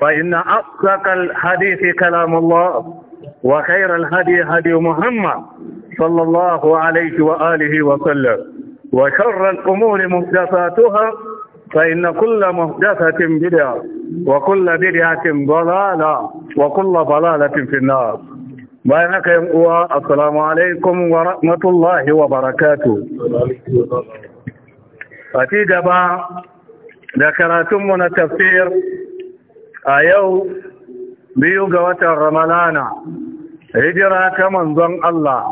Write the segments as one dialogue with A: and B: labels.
A: فإن أصدق الحديث كلام الله وخير الهدي هدي محمد صلى الله عليه وآله وسلم وشر الأمور محدثاتها فإن كل محدثة بدعة وكل بدعة ضلالة وكل ضلالة في النار بينك يا السلام عليكم ورحمة الله وبركاته أتي جبا ذكرتمنا التفسير a yau biyu ga watan ramalana hijira ta manzon Allah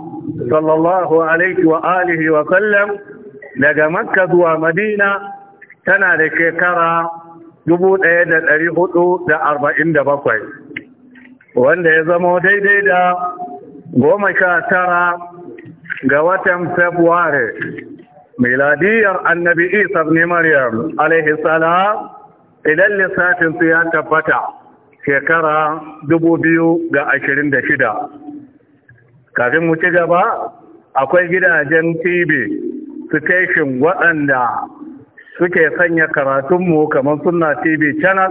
A: sallallahu alaihi wa alihi wa sallam daga makka zuwa madina tana da shekara 1447 wanda ya zama daidai da goma sha tara ga watan februari miladiyar annabi isa ne maryam alaihi salam idan lissafin su ya tabbata shekara dubu biyu ga ashirin da shida kafin mu ci gaba akwai gidajen tv station waɗanda suke sanya karatunmu kamar suna tv channel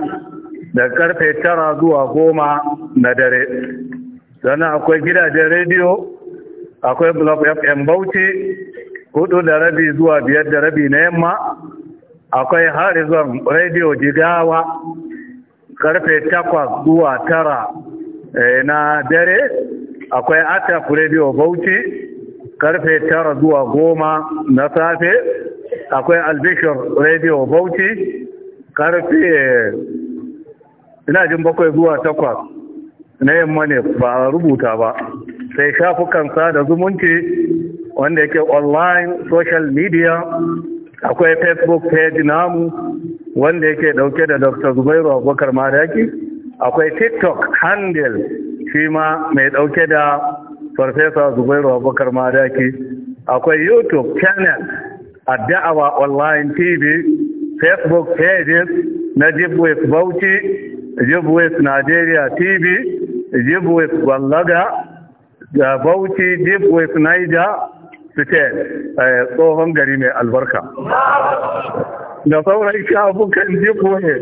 A: da karfe tara zuwa goma na dare sannan akwai gidajen rediyo akwai blog fm bauchi hudu da rabi zuwa biyar da rabi na yamma akwai harizon radio jigawa karfe takwas zuwa tara eh, na dare akwai atap radio bauchi karfe tara zuwa goma na safe akwai albishir radio bauchi karfe ina jin bakwai zuwa takwas na yamma ne ba rubuta ba sai shafukan sada zumunci wanda yake online social media akwai facebook page namu wanda yake dauke da dr zubairu abubakar Madaki, akwai tiktok handle shi ma mai dauke da farfesa zubairu abubakar Madaki, akwai youtube channel adda'awa online tv facebook pages na jibwis bauchi jibwis nigeria tv jibwis ballaga da bauchi jibwis niger su ce eh, tsohon gari mai albarka da sauran shafukan ne.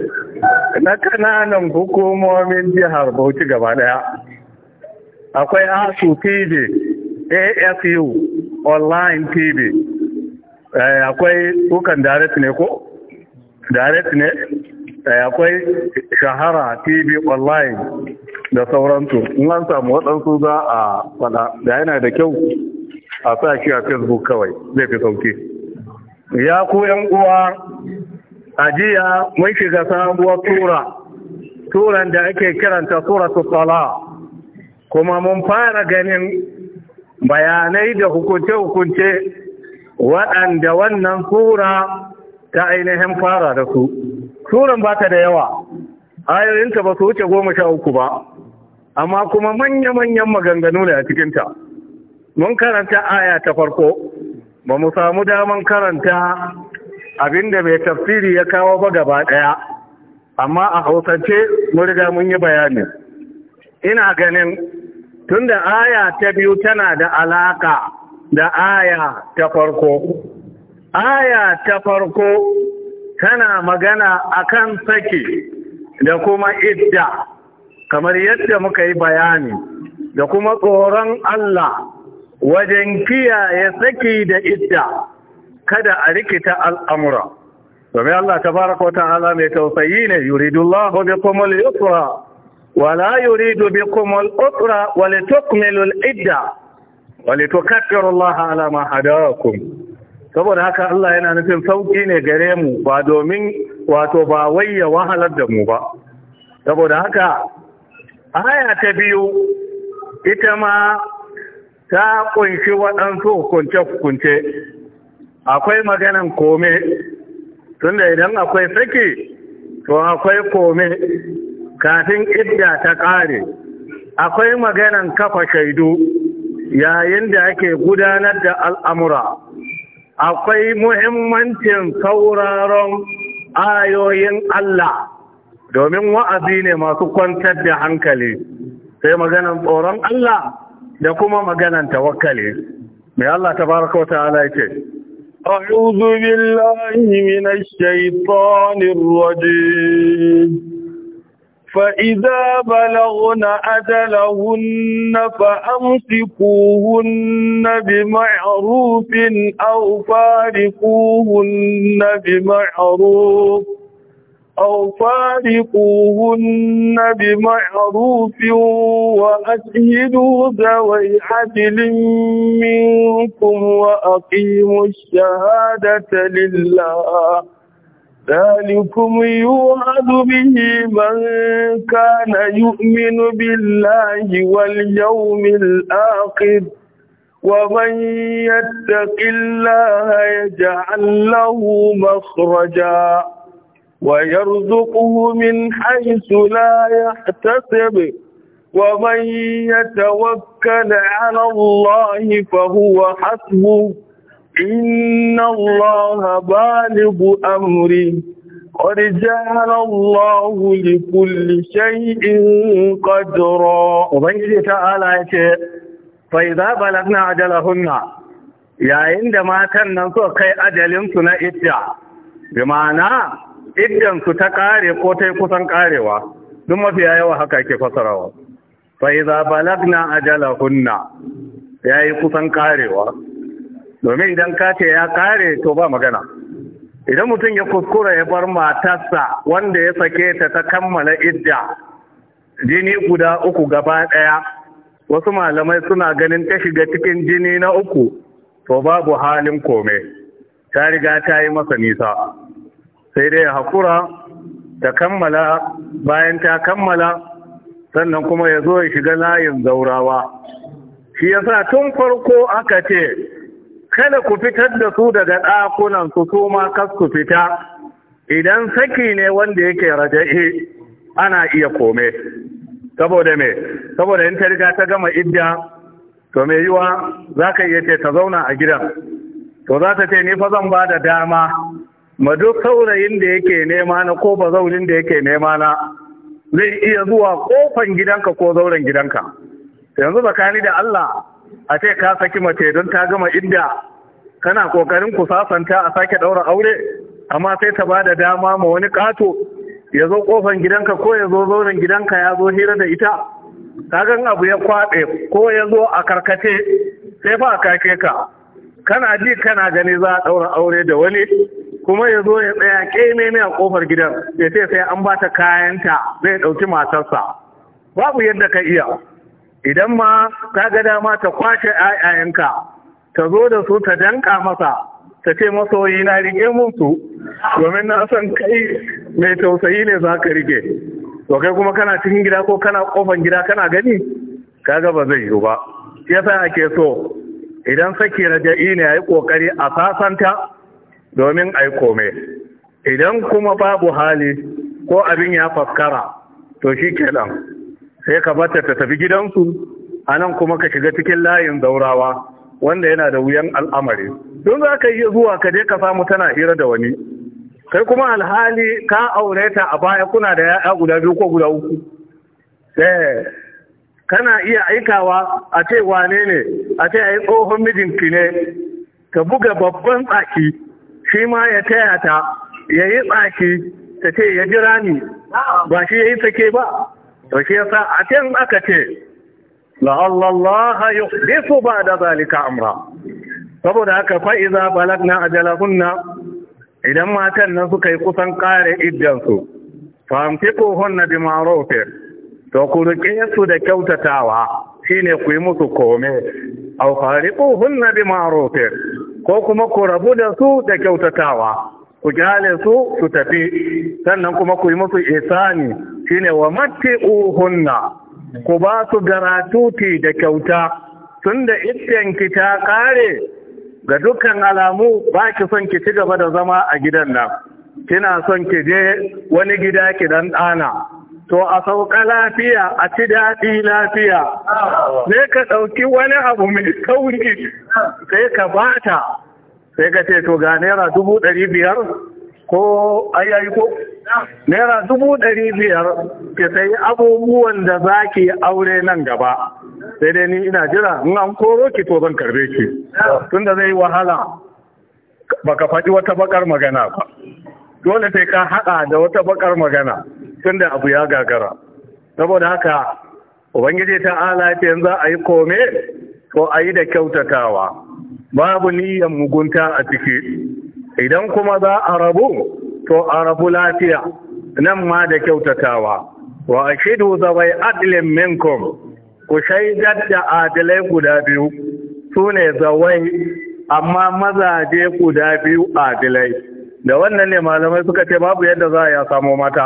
A: na kananan hukumomin jihar bauchi gaba daya akwai asu tv asu online tv eh, akwai sukan direct ne ko direct ne eh, akwai shahara tv online da sauransu in an samu waɗansu za a fada da yana da kyau a sa shi a facebook kawai zai fi sauki ya ku yan uwa a jiya mun shiga sabuwar tura turan da ake kiranta su sala kuma mun fara ganin bayanai da hukunce-hukunce waɗanda wannan tura ta ainihin fara da su turan ba ta da yawa ayoyinta ba su wuce goma sha uku ba amma kuma manya-manyan maganganu ne a cikinta mun karanta aya ta farko ba mu samu daman karanta abinda mai tafsiri ya kawo ba gaba ɗaya amma a hausance mun riga mun yi bayani ina ganin tunda aya ta biyu tana da alaka da aya ta farko aya ta farko tana magana akan saki da kuma idda kamar yadda muka yi bayani da kuma tsoron Allah wajen kiyaye saki da idda kada a rikita al'amura domin Allah ta baraka wa ta'ala mai tausayi ne Yuridu yuridullahu bikum al-yusra Wala la yuridu bikum al-usra wa litukmilu al-idda wa litukaffiru Allah ala ma hadakum saboda haka Allah yana nufin sauki ne gare mu ba domin wato ba wai ya wahalar da mu ba saboda haka aya ta biyu ita ma ta kunshi waɗansu hukunce-hukunce akwai maganan kome tunda idan akwai saki to akwai kome kafin idda ta ƙare akwai maganan kafa shaidu yayin da ake gudanar da al'amura akwai muhimmancin sauraron ayoyin Allah domin wa'azi ne masu kwantar da hankali sai maganin tsoron Allah da kuma maganan tawakkali mai Allah tabaraka wa ta'ala yake
B: أعوذ بالله من الشيطان الرجيم فإذا بلغن أجلهن فأمسكوهن بمعروف أو فارقوهن بمعروف أو فارقوهن بمعروف وأشهدوا ذوي عدل منكم وأقيموا الشهادة لله ذلكم يوعد به من كان يؤمن بالله واليوم الآخر ومن يتق الله يجعل له مخرجاً ويرزقه من حيث لا يحتسب ومن يتوكل على الله فهو حسبه إن الله بالغ أمره قد جعل الله لكل شيء قدرا وبنجي تعالى
A: فإذا بلغنا أجلهن يا عندما تنسوا كي أجل سنة إتيا بمعنى su ta kare ko ta yi kusan karewa duk mafiya yawa haka ke fasarawa fa'iza balagna ajalahunna ya yi kusan karewa domin idan ka ce ya kare to ba magana idan mutum ya kuskura ya bar matarsa wanda ya sake ta ta kammala idda jini guda uku gaba ɗaya wasu malamai suna ganin ta shiga cikin jini na uku to babu halin kome ta riga ta yi masa nisa sai dai ya haƙura ta kammala bayan ta kammala sannan kuma ya zo ya shiga layin zaurawa shi ya sa tun farko aka ce kada ku fitar da su daga ɗakunan su su ma kas ku fita idan saki ne wanda yake raja'i ana iya kome saboda me saboda in ta riga ta gama idda to me yiwa za ka iya ce ta zauna a gidan to za ta ce ni fa zan ba da dama ma duk saurayin da yake nema na ko bazaurin da yake nema na zai iya zuwa kofan gidanka ko zauren gidanka yanzu tsakani da Allah a ce ka saki mace don ta gama inda kana kokarin ku sasanta a sake daura aure amma sai ta bada dama ma wani kato ya zo kofan gidanka ko ya zo zauren gidanka ya zo hira da ita kagan abu ya kwaɗe ko ya zo a karkace sai fa kake ka kana ji kana gani za a daura aure da wani kuma ya zo ya tsaya ƙememe a kofar gidan ya ce sai an ba ta kayanta zai ɗauki matarsa babu yadda ka iya idan ma ka ga dama ta kwashe ayayenka ta zo da su ta danka masa ta ce masoyi na rike musu domin na san kai mai tausayi ne za ka rike to kai kuma kana cikin gida ko kana kofar gida kana gani Ka ga ba zai yiwu ba yasa ake so idan saki da'i ne yayi kokari a sasanta domin a kome idan kuma babu hali ko abin ya faskara to shi kenan sai ka bata ta tafi gidansu a nan kuma ka shiga cikin layin zaurawa wanda yana da wuyan al'amari don za ka yi zuwa ka je ka samu tana hira da wani kai kuma alhali ka aure ta a baya kuna da ya'ya guda biyu ko guda uku eh kana iya aikawa a ce wane ne a ce ai tsohon mijinki ne ka buga babban tsaki shi ma ya taya ta ya yi tsaki ta ce ya jira ni ba shi ya yi sake ba to shi yasa a can aka ce la'allallaha yuhdisu ba da zalika amra saboda haka fa'iza balagna ajalahunna idan matan na suka yi kusan kare fahimci famtiko hunna bi ma'rufin to ku rike su da kyautatawa shine ku yi musu kome aw fariqu hunna bi ma'rufin ko kuma ku rabu da su da kyautatawa ku gyale su su tafi sannan kuma ku yi musu isani shine wa uhunna, ku ba su garatuti da kyauta tunda iddanki ta kare ga dukkan alamu ba ki son ki ci gaba da zama a gidan nan kina son ki je wani gida ki dan dana to a sauka lafiya a ci daɗi lafiya sai ka ɗauki wani abu mai kauri sai ka bata sai ka ce to ga naira dubu ɗari biyar ko ayayi ko naira dubu ɗari biyar ki sayi abubuwan da za ki aure nan gaba sai dai ni ina jira in an koro ki to zan karbe ki tunda zai wahala baka faɗi wata bakar magana ba dole sai ka haɗa da wata bakar magana tunda abu ya gagara saboda haka ubangiji ta ala ce za a yi kome to a yi da kyautatawa babu niyan mugunta a ciki idan kuma za a rabu to a rabu lafiya nan ma da kyautatawa wa a shidu zabai adilin minkum ku shaidar da adilai guda biyu su ne zawai amma mazaje guda biyu adilai da wannan ne malamai suka ce babu yadda za a samu samo mata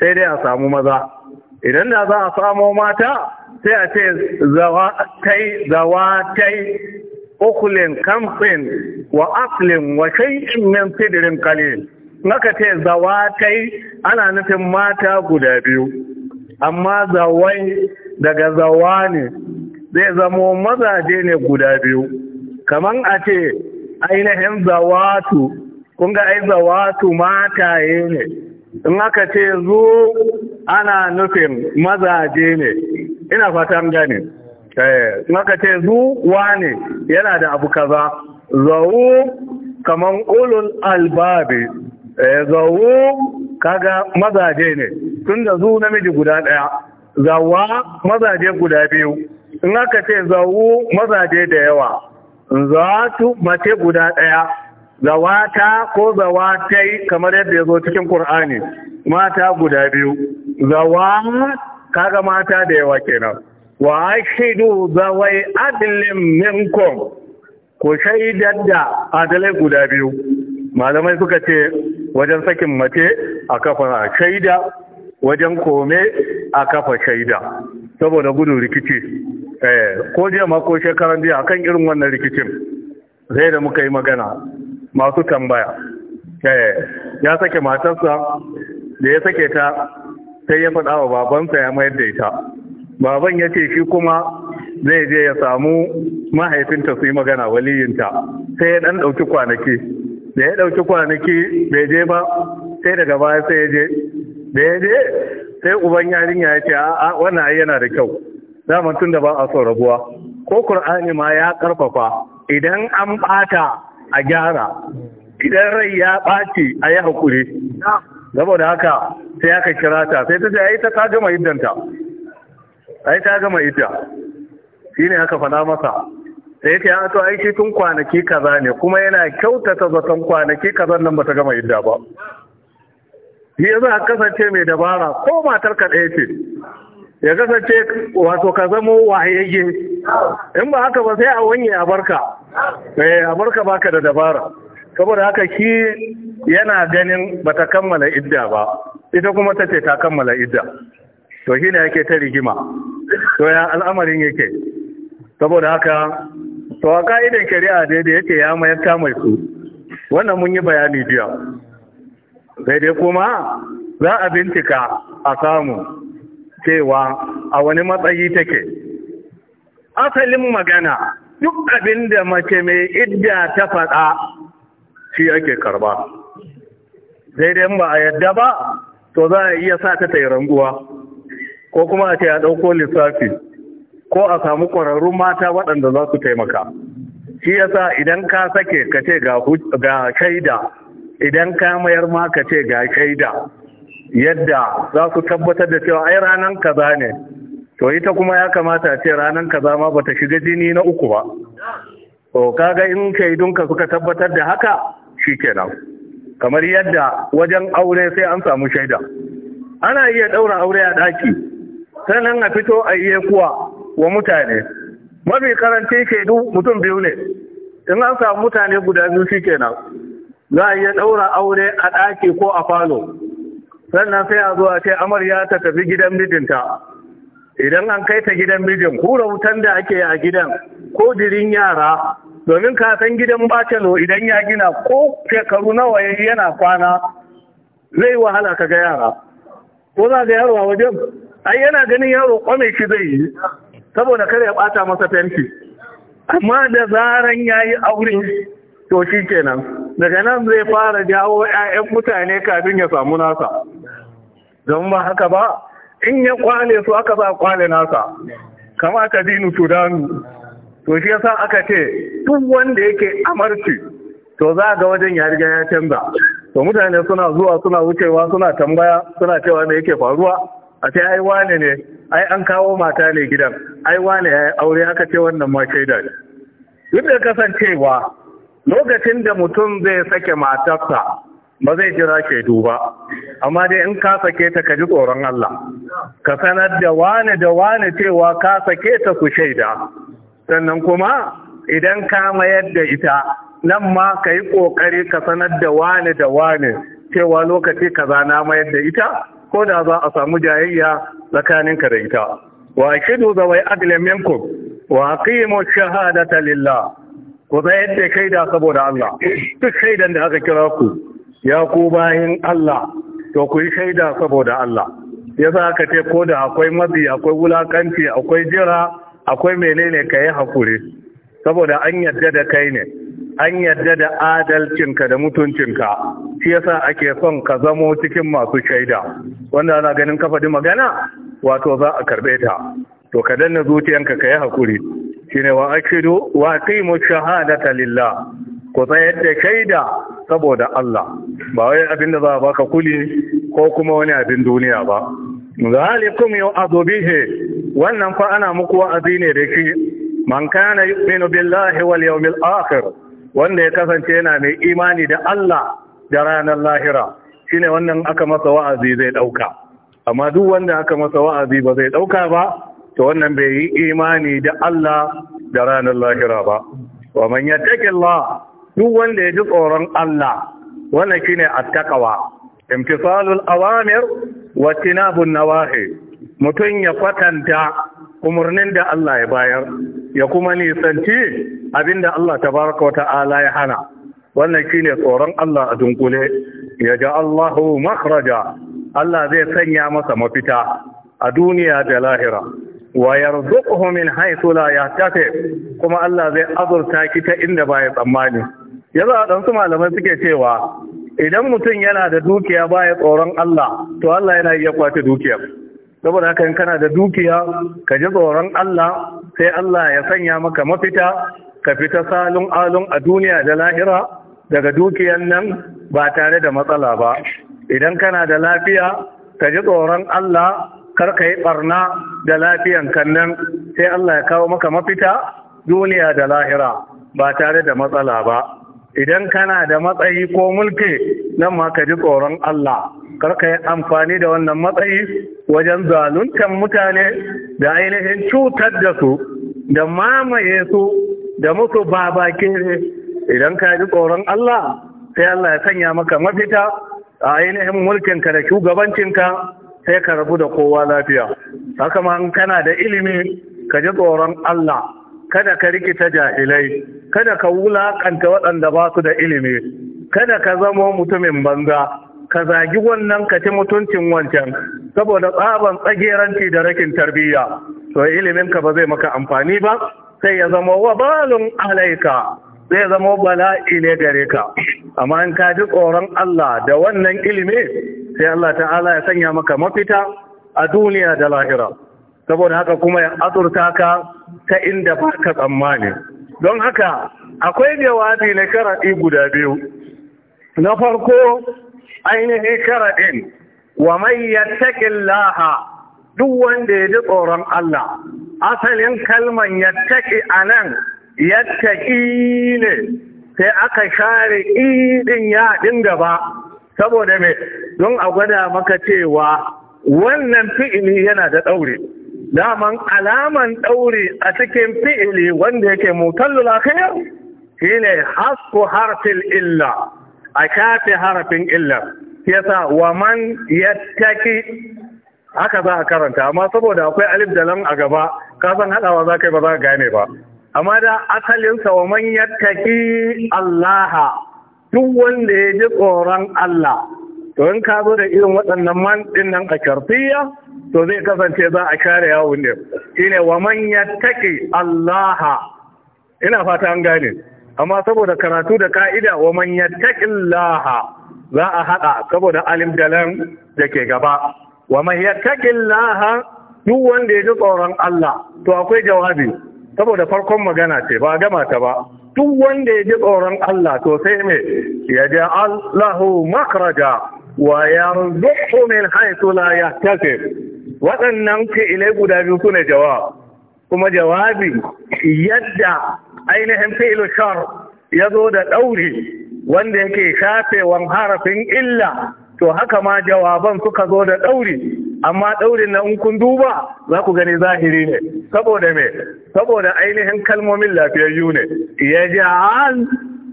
A: sai dai a samu maza idan da za a samo mata sai a ce zawatai zawatai ukulin kamfin wa aflin wa shay'in min sidrin qalil naka ce zawatai ana nufin mata guda biyu amma zawai daga zawa ne zai zamo mazaje ne guda biyu Kaman a ce ainihin zawatu kun ga ai zawatu mataye ne in aka ce zu ana nufin mazaje ne ina fatan gane eh, in aka ce zu wane yana da abu kaza zawu kaman ulul albabi eh, zawu kaga mazaje ne tunda zu namiji guda daya zawa mazaje guda biyu in aka ce zawu mazaje da yawa zatu mace guda daya zawata ko zawatai kamar yadda ya zo cikin Kur'ani mata guda biyu zawa kaga mata da yawa kenan wa ashidu zawai adlin minkum Ko shaidar da adalai guda biyu malamai suka ce wajen sakin mace a kafa shaida wajen kome a kafa shaida saboda gudun rikici eh, ko jiya ma ko shekaran jiya akan irin wannan rikicin sai da muka yi magana masu tambaya eh, ya sake matarsa da ya sake ta sai ya faɗa wa babansa ya mayar da ita baban ya ce shi kuma zai je ya samu mahaifinta su yi magana waliyinta sai ya ɗan ɗauki kwanaki da ya ɗauki kwanaki bai je ba sai daga baya sai ya je da ya je sai uban yarinya ya ce a wannan ai yana da kyau zaman tun da ba a so rabuwa ko Kur'ani ma ya ƙarfafa idan an ɓata a gyara idan rai ya ɓace a yi haƙuri saboda haka sai aka kira ta sai ta ce ta gama iddanta ai ta gama idda shi ne aka faɗa masa sai ta ce ah, to aiki tun kwanaki kaza ne kuma yana kyautata zaton kwanaki kaza nan ba ta gama idda ba shi a kasance mai dabara ko matar ka ɗaya ce ya kasance wato ka zama wahayayye in ba haka ba sai a wanye a barka eh a barka baka da dabara saboda haka shi yana ganin ba ta kammala idda ba ita kuma ta ce ta kammala idda to shi ne yake ta rigima to ya al'amarin yake saboda haka to a ka'idan shari'a dai da yake ya mayar ta mai su wannan mun yi bayani jiya sai dai kuma za a bincika a samu cewa a wani matsayi take asalin magana duk abin da mace mai idda ta faɗa shi ake karba Zai dai ba a yadda ba to za a iya sa ta ta yi ranguwa ko kuma a ce a ɗauko lissafi ko a samu ƙwararrun mata waɗanda za su taimaka shi yasa idan ka sake ka ce ga shaida idan ka mayar ma ka ce ga shaida yadda za su tabbatar da cewa ai ranan kaza ne to ita kuma ya kamata ce ranan kaza ma bata shiga jini na uku ba to kaga in shaidunka suka tabbatar da haka shikenan kamar yadda wajen aure sai an samu shaida ana iya daura aure a daki sannan a fito a iya kuwa wa mutane mafi karancin shaidu mutum biyu ne in an samu mutane guda biyu shikenan za a iya daura aure a daki ko a falo sannan sai a zuwa ce amarya ta tafi gidan mijinta idan an kai ta gidan mijin hura wutan da ake a gidan ko jirin yara domin ka san gidan bacalo idan ya gina ko shekaru nawa yana kwana zai wahala ka ga yara ko za ga yaro a wajen ai yana ganin yaro kwame shi zai yi saboda kada ya bata masa fenti amma da zaran yi auren to shi kenan daga nan zai fara jawo 'ya'yan mutane kafin ya samu nasa don ba haka ba in ya kwale su aka a kwale nasa kama ka dinu sudanu to shi yasa aka ce duk wanda yake amarci to za ga wajen ya riga ya canza to mutane suna zuwa suna wucewa suna tambaya suna cewa ne yake faruwa a ce ai wane ne ai an kawo mata ne gidan ai wane ya aure aka ce wannan ma shaida ne duk da kasancewa lokacin da mutum zai sake matarsa ba zai jira shaidu ba amma dai in ka sake ta ka tsoron Allah ka sanar da wani da wani cewa ka sake ta ku shaida sannan kuma idan ka mayar da ita nan ma ka yi ƙoƙari ka sanar da wani da wani cewa lokaci kaza na mayar da ita ko da za a samu jayayya tsakanin ka da ita wa shidu wai adlin minkum wa aqimu shahadata lillah ku zayar da shaida saboda Allah duk shaidan da aka kira ku ya ku bayin Allah to ku yi shaida saboda Allah ya za ka ce ko da akwai mabi akwai wulakanci akwai jira akwai menene ka yi hakuri saboda an yadda da kai ne an yadda da adalcinka da mutuncinka shi yasa ake son ka zamo cikin masu shaida wanda ana ganin kafa di magana wato za a karɓe ta to ka danna zuciyanka ka yi hakuri shine wa akidu wa aqimu shahadata lillah ku tsayar da shaida saboda Allah ba wai abin da za a baka kuli ko kuma wani abin duniya ba zalikum yu'adhu bihi wannan fa ana muku wa'azi ne da shi man kana yu'minu billahi wal yawmil akhir wanda ya kasance yana mai imani da Allah da ranar lahira shine wannan aka masa wa'azi zai dauka amma duk wanda aka masa wa'azi ba zai dauka ba to wannan bai yi imani da Allah da ranar lahira ba wa man yattaqillah duk wanda ya ji tsoron Allah wannan shine attaqwa imtisalul awamir wa tinabun nawahi mutum ya kwatanta umarnin da Allah ya bayar ya kuma nisanci abinda Allah tabaraka wa ta'ala ya hana wannan shine tsoron Allah a dunkule ya ja Allahu makhraja Allah zai sanya masa mafita a duniya da lahira wa yarzuquhu min haythu la yahtasib kuma Allah zai azurta ki ta inda ba ya tsammani ya za a malamai suke cewa idan mutum yana da dukiya baya tsoron Allah to Allah yana iya kwace dukiya. saboda haka in kana da dukiya ka ji tsoron Allah sai Allah ya sanya maka mafita ka fita salon alun a duniya da lahira daga dukiyar nan ba tare da matsala ba idan kana da lafiya ka ji tsoron Allah kar ka yi barna da lafiyan kan nan sai Allah ya kawo maka mafita duniya da lahira ba tare da matsala ba idan kana da matsayi ko mulki nan ma ka ji tsoron Allah karka yi amfani da wannan matsayi wajen zaluntan mutane da ainihin cutar da su da mamaye su da musu babake ne idan ka ji tsoron Allah sai Allah ya sanya maka mafita a ainihin mulkinka da shugabancinka sai ka rabu da kowa lafiya haka ma kana da ilimi ka ji tsoron Allah kada ka rikita jahilai kada ka wulakanta waɗanda ba su da ilimi kada ka zama mutumin banza ka zagi wannan ka ci mutuncin wancan saboda tsaban tsageranci da rakin tarbiyya to ilimin ka ba zai maka amfani ba sai ya zama wabalun alaika zai zama bala'i ne gare ka amma in ka ji tsoron Allah da wannan ilimi sai Allah ta'ala ya sanya maka mafita a duniya da lahira saboda haka kuma ya azurta ka ta inda ba ka tsammani don haka akwai jawabi na karaɗi guda biyu na farko ainihin karaɗin wa mai yattakin laha duk wanda ya ji tsoron Allah asalin kalman yattaki a nan yattaki ne sai aka share idin ɗin gaba saboda mai don a gwada maka cewa wannan fi'ili yana da ɗaure. daman alaman ɗauri a cikin fi'ili wanda yake mutallul shi ne hasku harfin illa a kafe harfin illa yasa wa man yattaki haka za a karanta amma saboda akwai alif da lam a gaba ka san hadawa za kai ba za ka gane ba amma da asalin wa man yattaki Allah duk wanda ya ji tsoron Allah to in ka zo da irin waɗannan man ɗin nan a karfiya to zai kasance za a kare yawon ne shine wa manya take Allah ina fata an gane amma saboda karatu da ka'ida wa manya take Allah za a hada saboda alim dalan dake gaba wa manya take Allah duk wanda ya ji tsoron Allah to akwai jawabi saboda farkon magana ce ba gama ta ba duk wanda ya ji tsoron Allah to sai me ya ji Allahu makraja wa yarzuqu min haythu la yahtasib waɗannan fi'ilai guda biyu su ne jawab kuma jawabi yadda ainihin fi'il shar ya zo da ɗauri wanda yake shafewan harafin illa to haka ma jawaban suka zo da ɗauri amma ɗaurin na in kun duba za ku gani zahiri ne saboda me saboda ainihin kalmomin lafiyayyu ne ya ja'al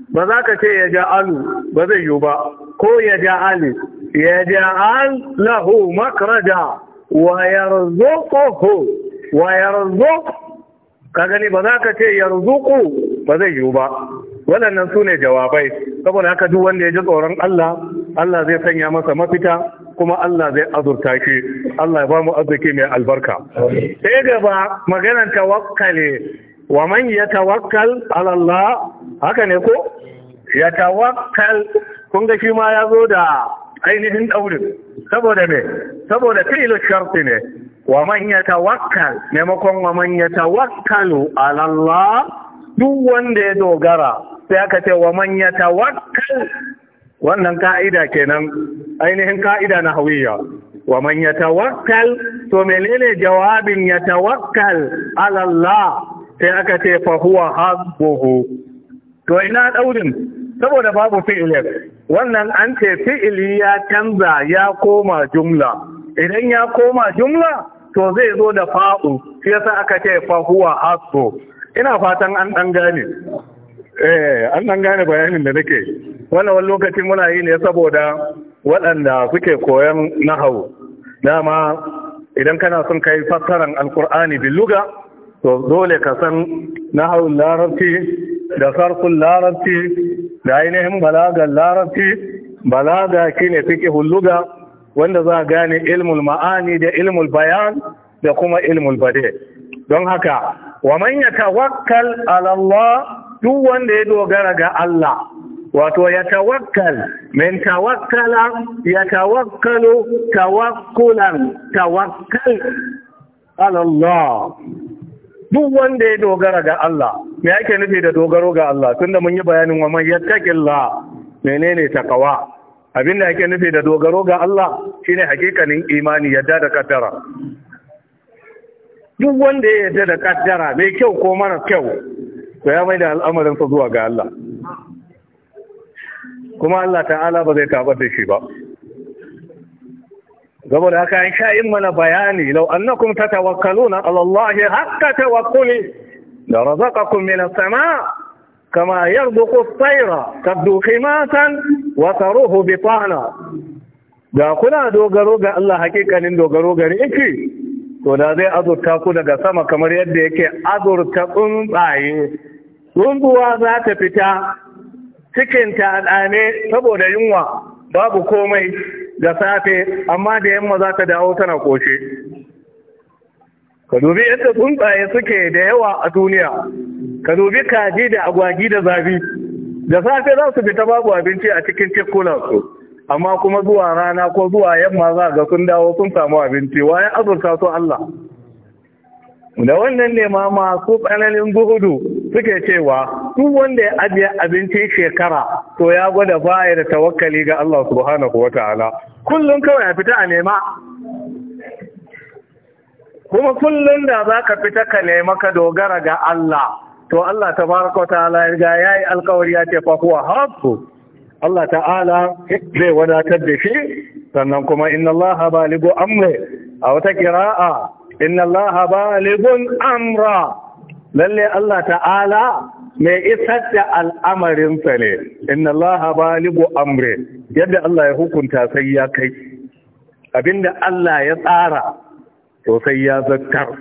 A: ba za ka ce ya ja'alu ba zai yiwu ba ko ya ja'ali ya ja'al lahu makraja wa وَيَرْزُقُ kagani gani ba za ka ce yarzuku ba zai yiwu ba waɗannan su ne jawabai saboda haka duk wanda ya ji tsoron Allah Allah zai sanya masa mafita kuma Allah zai azurta shi Allah ya ba mu arziki mai albarka sai gaba maganar tawakkale wa man ya tawakkal Allah haka ne ko ya tawakkal kun ga shi ma ya zo da ainihin daurin saboda me saboda filin sharti ne wa manya tawakkal maimakon wa manya yatawakkalu ala Allah duk wanda ya dogara sai aka ce wa manya tawakkal wannan ka'ida kenan ainihin ka'ida na hawiya wa man yatawakkal to menene jawabin yatawakkal ala alalla sai aka ce fa huwa hasbuhu to ina daurin saboda babu fi'ilin wannan an ce fi'ili ya canza ya koma jumla idan ya koma jumla to zai zo da fa'u shi yasa aka ce fa huwa asu ina fatan an dan gane eh an dan gane bayanin da nake wannan wani lokaci muna yi ne saboda waɗanda suke koyan nahawu dama idan kana son kai fassaran alkur'ani biluga to dole ka san nahawun larabci da sarkun larabci da ainihin balagar larabci balaga shine fiqh hulluga wanda za gane ilmul ma'ani da ilmul bayan da kuma ilmul bade don haka wa man yatawakkal ala duk wanda ya dogara ga Allah wato ya tawakkal min tawakkala ya tawakkalu tawakkulan tawakkal alallah duk wanda ya dogara ga Allah me ake nufi da dogaro ga Allah tunda mun yi bayanin wa man yattaqillah menene takawa abinda ake nufi da dogaro ga Allah shine hakikanin imani yadda da kaddara duk wanda ya yadda da kaddara mai kyau ko mara kyau to ya mai da al'amarin sa zuwa ga Allah kuma Allah ta'ala ba zai tabar da shi ba gaba da haka an sha in mana bayani lau annakum tatawakkaluna ala Allah haqqa tawakkuli la razaqakum min as-sama kama yarzuqu as-sayra tabdu khimatan wa taruhu bitana da kuna dogaro ga Allah hakikanin dogaro gare yake to da zai azurta ku daga sama kamar yadda yake azurta tsuntsaye tsuntuwa za ta fita cikin ta saboda yunwa babu komai da safe amma da yamma za ta dawo tana koshe ka dubi yadda tsuntsaye suke da yawa a duniya ka dubi kaji da agwagi da zabi da safe za su fita babu abinci a cikin tekunansu amma kuma zuwa rana ko zuwa yamma za ga sun dawo sun samu abinci waye azurta su Allah da wannan ne ma masu tsananin zuhudu suke cewa duk wanda ya ajiye abincin shekara to ya gwada baya da tawakkali ga Allah subhanahu Ta'ala. kullum kawai ya fita a nema kuma kullum da za ka fita ka nema ka dogara ga Allah to Allah Ta wa ta'ala ya ga yayi alkawari ya ce fa hafu Allah ta'ala zai wadatar da shi sannan kuma inna Allah baligu amri a wata kira'a inna Allah baligun amra lalle Allah ta'ala mai isar da al'amarinsa ne inna Allah baligu amri yadda Allah ya hukunta sai ya kai abinda Allah ya tsara to sai ya zartar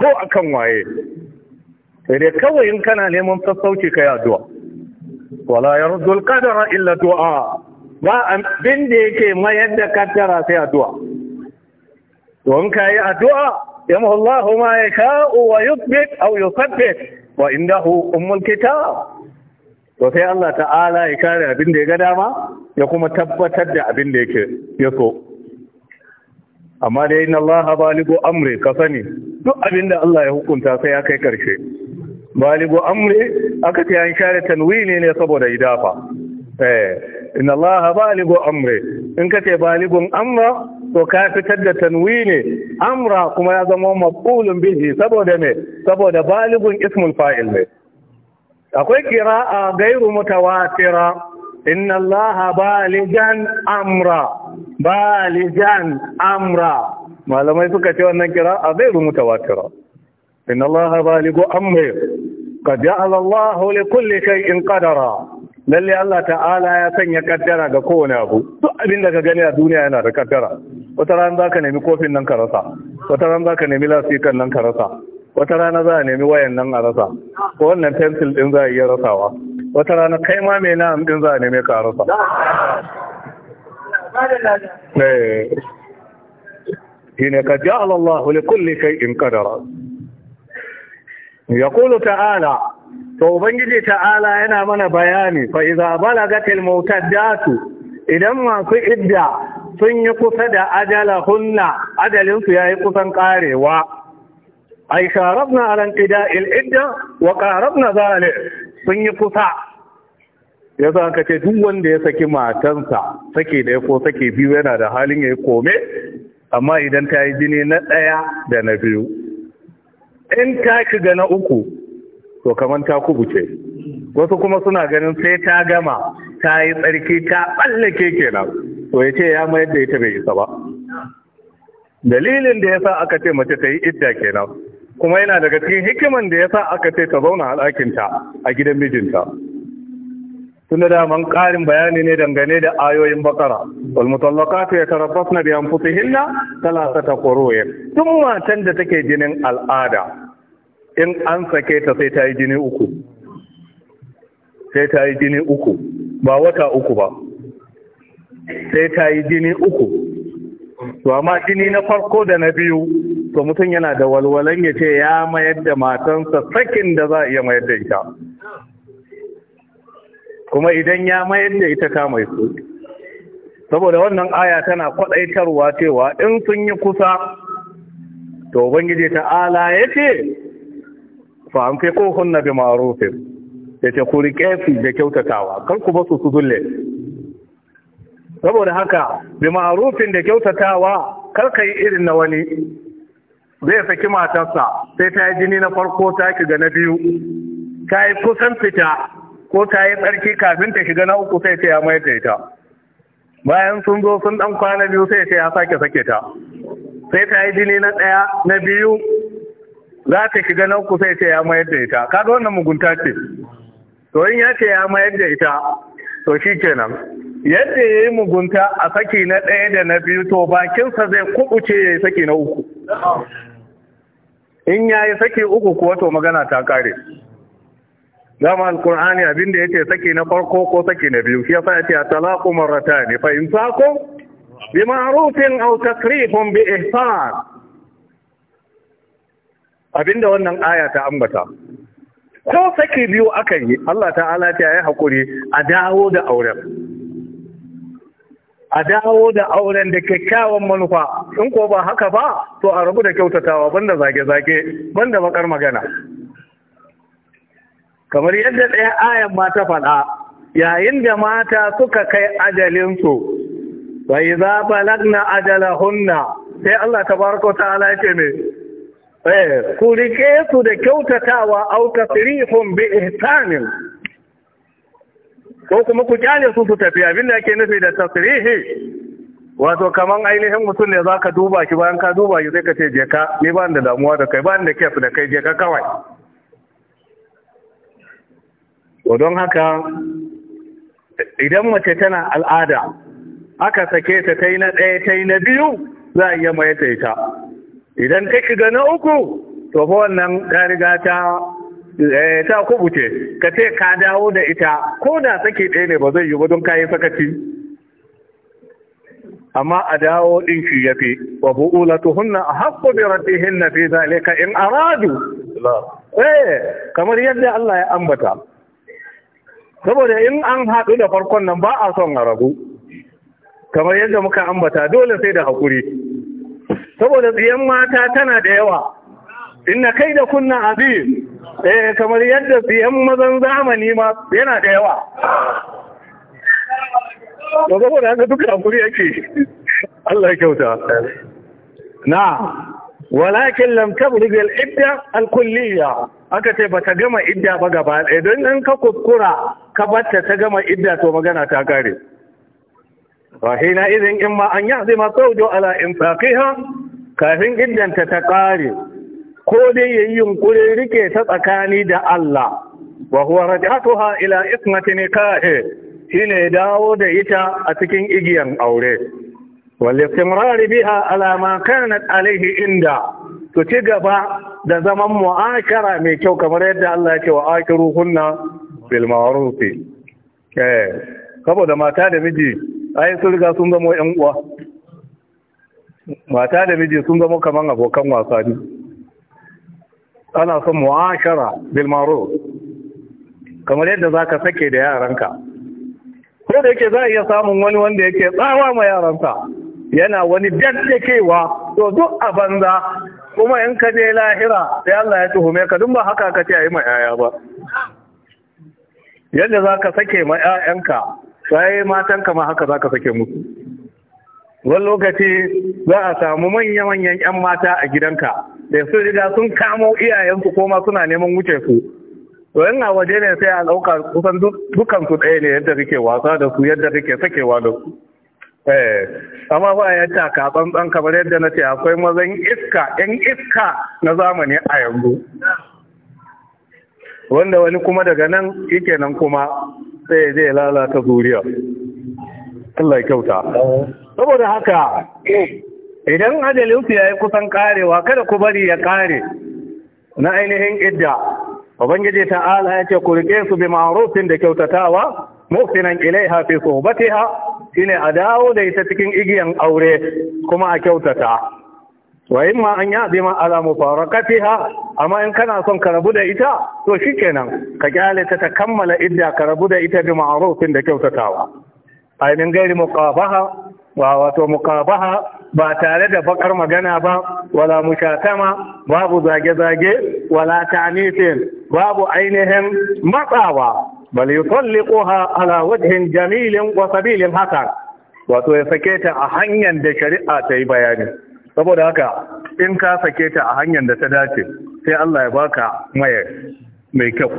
A: ko akan waye sai dai kawai in kana neman sassauci kai addu'a wala yardul qadara illa du'a ba abinda yake mayar da kaddara sai addu'a to in kai addu'a يمحو الله ما يشاء ويثبت أو يثبت وإنه أم الكتاب وفي الله تعالى يكاري أبن دي قداما يقوم تبتد أبن دي يسو أما لأن الله بالغ أمري كفني duk abin da Allah ya hukunta sai ya kai ƙarshe baligu amri aka ce an share tanwini ne saboda idafa eh inna baligu amri in kace ce baligun amra to ka fitar da ne amra kuma ya zama maqulun bihi saboda me saboda balibun ismul fa'il ne akwai qira'a gairu mutawatira inna allaha balijan amra balijan amra malamai suka ce wannan qira'a gairu mutawatira inna allaha baligu amri qad ja'ala allahu li kulli shay'in qadara lalle Allah ta'ala ya sanya kaddara ga kowane abu duk abin da ka gani a duniya yana da kaddara wata rana za ka nemi kofin nan ka rasa wata rana za ka nemi lasikan nan ka rasa wata rana za a nemi wayan nan a rasa ko wannan pencil din za a iya rasawa wata rana kai ma mai na'am din za a nemi ka a rasa eh. shine ka ja'ala Allah li kulli shay'in qadara yaqulu ta'ala to ubangiji ta'ala yana mana bayani fa idza balagatil mawtadatu idan masu idda sun yi kusa da hunna adalinsu ya yi kusan karewa ai na alan ƙida il'idda wa na zane. sun yi kusa yasa ka ce duk wanda ya saki matansa sake da ko sake biyu yana da halin ya yi kome amma idan ta yi jini na ɗaya da na biyu in ta shiga na uku to kamar ta kubuce wasu kuma suna ganin sai ta gama ta yi tsarki ta ɓallake kenan to ya ce ya mayar da ita bai isa ba dalilin da ya sa aka ce mace ta yi idda kenan kuma yana daga cikin hikiman da ya sa aka ce ta zauna a ɗakinta a gidan mijinta tunda da man ƙarin bayani ne dangane da ayoyin bakara wal mutallaqatu yatarabbasna bi anfusihinna thalathata qurun tun matan da take jinin al'ada in an sake ta sai ta yi jini uku sai ta yi jini uku ba wata uku ba sai ta yi jini uku to amma jini na farko da na biyu to mutum yana da walwalan ya ce ya mayar da matansa sakin da za a iya mayar da ita kuma idan ya mayar da ita ta mai su saboda wannan aya tana kwadaitarwa cewa in sun yi kusa to ubangiji ta'ala ya ce fa an fi kohun na bi marufin ya ce kuri su da kyautatawa kar ku basu su zulle saboda haka bi ma'arufin da kyautatawa kar ka yi irin na wani zai saki matarsa sai ta yi jini na farko ta shiga na biyu ta yi kusan fita ko ta yi tsarki kafin ta shiga na uku sai ta ya mai ta ita bayan sun zo sun dan kwana biyu sai ta ya sake sake ta sai ta yi jini na ɗaya na biyu za ta shiga na uku sai ta ya mayar da ita kaga wannan mugunta ce to in ya ce ya mayar da ita to shi kenan yadda ya yi mugunta a saki na ɗaya da na biyu to bakinsa zai kubuce ya yi saki na uku in ya yi saki uku kuwa to magana ta kare gama alkur'ani abinda ya ce saki na farko ko saki na biyu shi sa ya ce a talaku marata ne fa in sako bi ma'rufin aw takrifun bi ihsan abinda wannan aya ta ambata ko saki biyu akan yi Allah ta'ala ta yi hakuri a dawo da auren a dawo da auren da kyakkyawan manufa in ko ba haka ba to a rabu da kyautatawa banda zage-zage banda bakar magana kamar yadda ɗaya ayan mata ta faɗa yayin da mata suka kai ajalinsu wa idza balagna ajalahunna sai Allah ta ala yake ne ku rike su da kyautatawa au tasrihum bi ihsanin ko kuma ku kyale su su tafi abin da ake nufi da tasrihi wato kaman ainihin mutum ne za ka duba shi bayan ka duba shi sai ka ce je ka ni ba da damuwa da kai ba da kef da kai je ka kawai to don haka idan mace tana al'ada aka sake ta ta yi na ɗaya ta yi na biyu za a iya mai ta idan ta shiga na uku to fa wannan ta riga ta Eh, ta kubuce ka ce ka dawo da ita ko da sake ɗaya ne ba zai yi ba don sakaci amma a dawo ɗin shi ya fi wa bu'ulatuhunna a haƙƙo bi na fi zalika in aradu eh kamar yadda Allah ya ambata saboda in an haɗu da farkon nan ba a son a rabu kamar yadda muka ambata dole sai da haƙuri saboda tsiyan mata tana da yawa inna kai da kunna azim eh kamar yadda biyan mazan zamani ma yana da yawa
B: to wannan haka duk hakuri yake Allah ya kyauta na
A: walakin lam tablugh al-idda al kulliya aka ce bata gama idda ba gaba da don in ka kuskura ka batta ta gama idda to magana ta kare wa hina idan in ma an yazi ma saujo ala infaqiha kafin ta ta kare ko dai yayi yunkuri rike ta tsakani da Allah wa huwa raj'atuha ila ismati nikah shine dawo da ita a cikin igiyan aure wal istimrar biha ala ma kanat alaihi inda to ci gaba da zaman mu'akara mai kyau kamar yadda Allah ya ce wa akiru kunna bil ma'ruf eh, saboda mata da miji ai sun riga sun zama yan mata da miji sun zama kaman abokan wasa ne ana son mu'ashara bil ma'ruf kamar yadda zaka sake da yaranka ko da yake za a iya samun wani wanda yake tsawa ma yaransa yana wani daddakewa to duk a banza kuma in ka je lahira sai Allah ya tuhume ka duk ba haka ka ce ayi ma yaya ba yadda zaka sake ma yayanka sai matanka ma haka zaka sake musu wani lokaci za a samu manya-manyan 'yan mata a gidanka da su riga sun kamo iyayensu ko ma suna neman wuce su to yana waje ne sai a ɗauka kusan dukan su ɗaya ne yadda kake wasa da su yadda kake sakewa da su eh amma ba ya taka tsantsan kamar yadda na ce akwai mazan iska yan iska na zamani a yanzu wanda wani kuma daga nan yake nan kuma sai zai lalata zuriya Allah ya kyauta saboda haka idan ajalinsu ya yi kusan karewa kada ku bari ya kare na ainihin idda ubangiji ta'ala ya ce ku rike su bi ma'arufin da kyautatawa muhsinan ilaiha ha shi shine a dawo da ita cikin igiyan aure kuma a kyautata wa ma an yazi ma ala ha? amma in kana son ka rabu da ita to shi kenan, ka kyale ta ta kammala idda ka rabu da ita bi ma'arufin da kyautatawa ainihin gairi mukabaha wa wato mukabaha ba tare da bakar magana ba wala mushatama babu zage-zage wala ta'nifin babu ainihin matsawa bal yutalliquha ala wajhin jamilin wa sabilin hasan wato ya sake ta a hanyar da shari'a ta yi bayani saboda haka in ka sake ta a hanyar da ta dace sai Allah ya baka maye mai kyau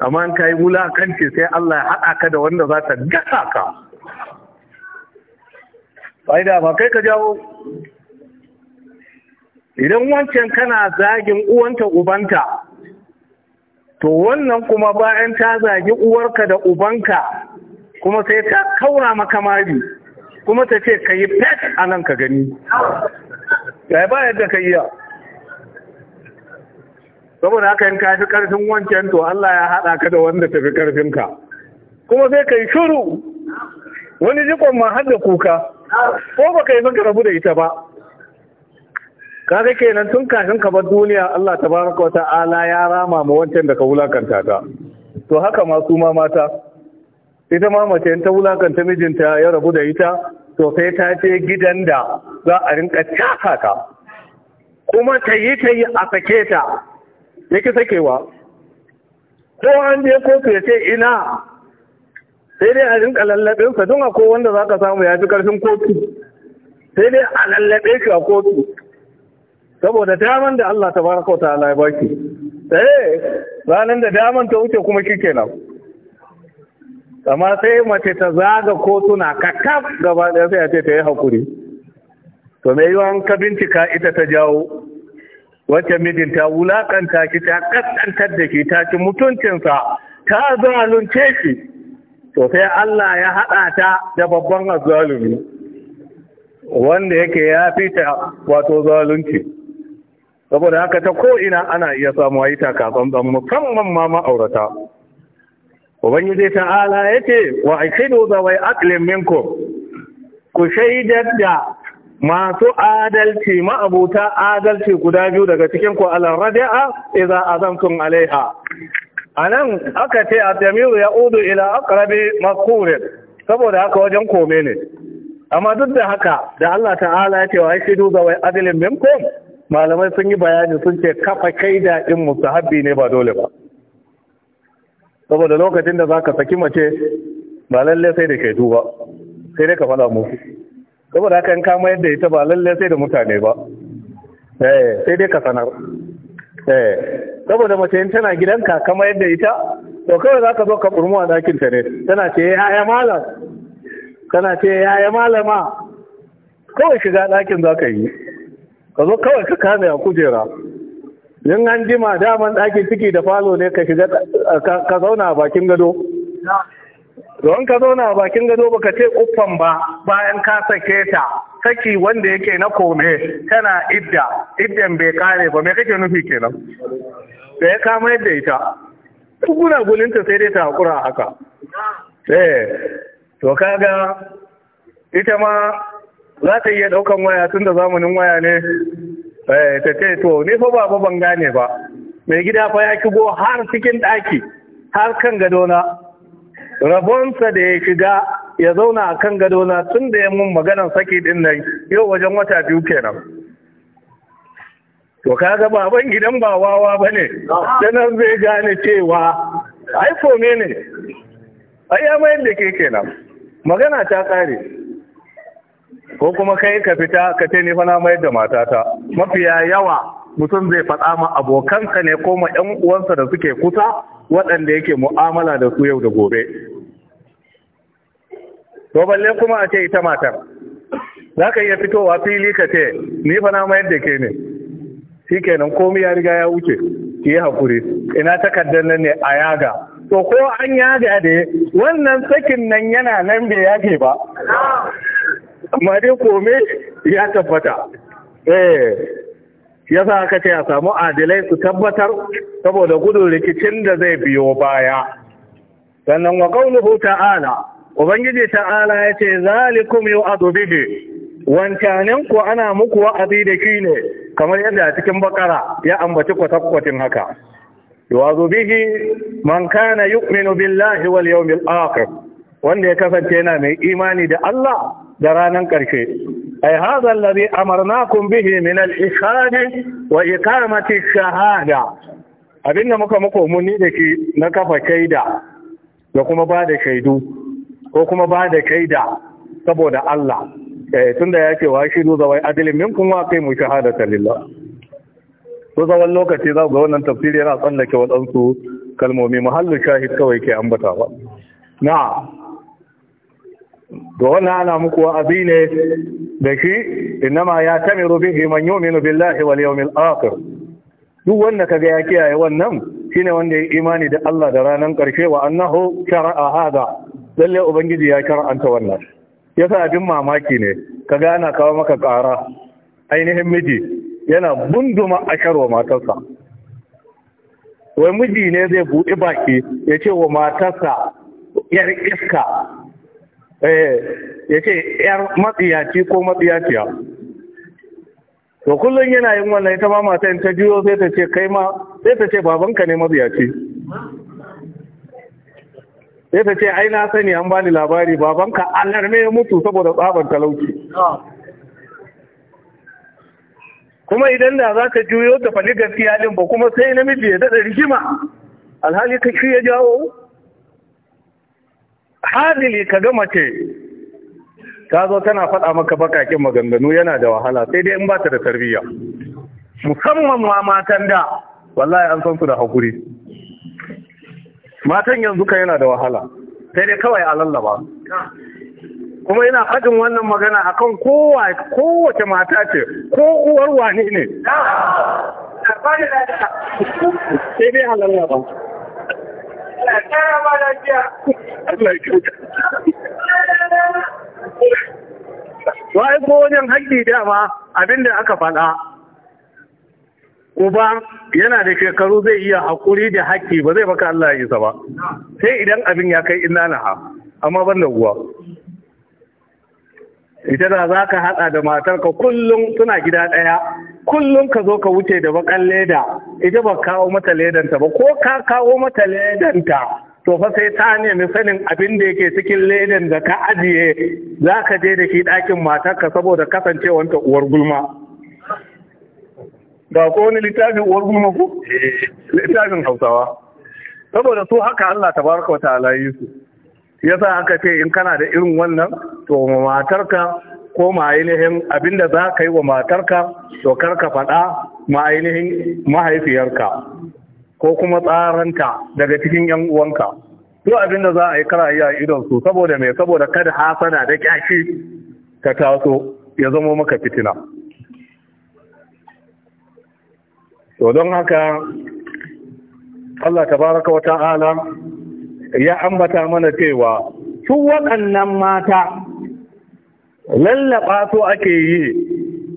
A: amma in ka yi wulakanci sai Allah ya haɗa ka da wanda za ta gasa ka Fa'ida ba kai ka jawo idan wancan kana zagin uwanta ubanta to wannan kuma bayan ta zagi uwarka da ubanka kuma sai ta kaura maka mari kuma ta ce ka yi pet a nan ka gani ya ba yadda ka yi ya? saboda haka yin kafi karfin wancan to Allah ya haɗa ka da wanda tafi karfinka kuma sai ka yi shuru wani jikon ma hada kuka ko baka yi min ka rabu da ita ba kaga kenan tun kafin ka bar duniya Allah tabaraka wa ta'ala ya rama ma wancan da ka wulakanta ta to haka ma su ma mata ita ma mace ta wulakanta mijinta ya rabu da ita to sai ta je gidan da za a rinka caka ka kuma ta yi ta yi a sake ta yake sakewa ko an je kotu ya ce ina sai dai a rinka lallabin sa don akwai wanda za ka samu ya fi karfin kotu sai dai a lallabe shi a kotu saboda daman da Allah ta baraka wata ta'ala ba baki eh ranar da daman ta wuce kuma kenan. amma sai mace ta zaga kotuna kakaf gaba ɗaya sai a ce ta yi hakuri to mai yiwuwa ka bincika ita ta jawo wacce mijinta wulaƙanta ki ta ƙasƙantar da ki ta ci mutuncinsa ta zalunce shi to sai Allah ya haɗa ta da babban azzalumi wanda yake ya fita wato zalunci saboda haka ta ko'ina ana iya samu a yi takasan don musamman ma ma'aurata ubangiji ta'ala ya ce wa aikido zawai aklin minkum ku shaidar da masu adalci ma'abuta adalci guda biyu daga cikin ku alarraja'a iza azamtum alaiha a nan aka ce a jami'u ya udu ila akarabi makurin saboda haka wajen kome ne amma duk da haka da Allah ta'ala ya ce wa shi duba wai adilin minkum malamai sun yi bayani sun ce kafa kaida in musahabi ne ba dole ba saboda lokacin da zaka saki mace ba lalle sai da kai duba, sai dai ka faɗa musu saboda haka in ka mayar da ita ba lalle sai da mutane ba eh sai dai ka sanar eh saboda mace in tana gidanka kama yadda ita to kawai za ka zo ka ɓurmu a ɗakin ta ne tana ce yaya malam tana ce yaya malama kawai shiga ɗakin za ka yi ka zo kawai ka kame a kujera yin an jima daman ɗakin ciki da falo ne ka shiga ka zauna a bakin gado don ka zauna a bakin gado baka ce uffan ba bayan ka sake ta saki wanda yake na kome tana idda iddan bai kare ba me kake nufi kenan da ya kama yadda ita guna gulinta sai dai ta hakura haka eh to kaga ita ma za ta iya daukan waya tun da zamanin waya ne eh ta ce to ni fa ba ban gane ba mai gida fa ya kigo har cikin ɗaki har kan gadona rabonsa da ya shiga ya zauna a kan gadona tun da ya mun maganan saki din nan yau wajen wata biyu kenan to kaga baban gidan ba wawa ba ne sanar zai gane cewa aifo ne ne ai ya mayar da ke kenan magana ta kare ko kuma kai ka fita ka ce ni fa na mayar da matata mafiya yawa mutum zai faɗa ma abokansa ne ko ma yan uwansa da suke kusa waɗanda yake mu'amala da su yau da gobe to balle kuma a ce ita matar za ka iya fitowa fili ka ce ni fa na mayar da ke ne shi kenan komai ya riga ya wuce ki yi hakuri ina takardar nan ne a yaga to ko an yaga da wannan sakin nan yana nan bai yage ba amma dai kome ya tabbata eh Ya sa aka ce a samu adilai su tabbatar saboda gudun rikicin da zai biyo baya sannan wa qauluhu ta'ala ubangiji ta'ala yace zalikum yu'adu bihi wancanin ku ana muku wa'azi da shi ne kamar yadda a cikin bakara ya ambaci kwatakwatin haka yu'adu bihi man kana yu'minu billahi wal yawmil akhir wanda ya kasance yana mai imani da Allah da ranar ƙarshe ai hadha alladhi amarnakum bihi min ishari wa iqamati shahada abinda muka muka muni da shi na kafa shaida da kuma ba da shaidu ko kuma ba da shaida saboda Allah eh, tunda ya ce wa shi wai adalin adilin kuma kai mu ta lillah ko tsawon lokaci za ga wannan tafsiri yana tsallake waɗansu kalmomi muhallin shahid kawai ke ambata ba na da wannan ana muku wa'azi ne da shi innama ya tamiru bihi man yu'minu billahi wal yawmil akhir duk wanda kaga ya kiyaye wannan shine wanda ya imani da Allah da ranar karshe wa annahu shar'a hada lalle ubangiji ya shar'anta wannan yasa abin mamaki ne kaga ana kawo maka ƙara ainihin miji yana bunduma ashar wa matarsa wai miji ne zai buɗi baki ya ce wa matarsa yar iska eh ya ce ‘yar matsiyaci ko matsiyaciya to kullum yana yin wannan ita ma matan ta juyo sai ta ce kai ma sai ta ce babanka ne matsiyaci sai ta ce ai na sani an bani labari babanka allar ne ya mutu saboda tsabar talauci kuma idan da za ka juyo ta faɗi gaskiya din ba kuma sai namiji ya daɗa rigima alhali ka shi ya jawo adili ka ga mace ta zo tana faɗa maka bakakin maganganu yana da wahala sai dai in ba ta da tarbiyya musamman ma matan da wallahi an san su da hakuri matan yanzu ka yana da wahala sai dai kawai a lallaba kuma yana haɗin wannan magana akan kowa kowace mata ce ko uwar wane ne
B: sai dai a lallaba Allah ya
A: Wai ko wajen haƙƙi dama abinda aka faɗa. Uba yana da shekaru zai iya haƙuri da haƙƙi ba zai baka Allah ya yi ba. Sai idan abin ya kai ina na amma ban da uwa. ita da za ka haɗa da matarka kullum suna gida ɗaya kullum ka zo ka wuce da bakan leda ita ba kawo mata ledanta ba ko ka kawo mata ledanta to fa sai ta nemi sanin abin da yake cikin ledan da ka ajiye za ka je da shi ɗakin matarka saboda kasancewanta uwar gulma ga ko wani littafin uwar gulma ko eh. littafin hausawa saboda su haka Allah ta wa wata yi Ya sa aka ce in kana da irin wannan to matarka ko ma ainihin abinda za ka yi wa matarka to kar ka faɗa ma ainihin mahaifiyarka ko kuma tsaranta daga cikin yan uwanka to abinda za a yi karayi a idon su saboda mai saboda kada hasana da kyashi ka taso ya zama maka fitina to don haka Allah tabaraka wa ta'ala ya ambata mana cewa su waɗannan mata lallaba su ake yi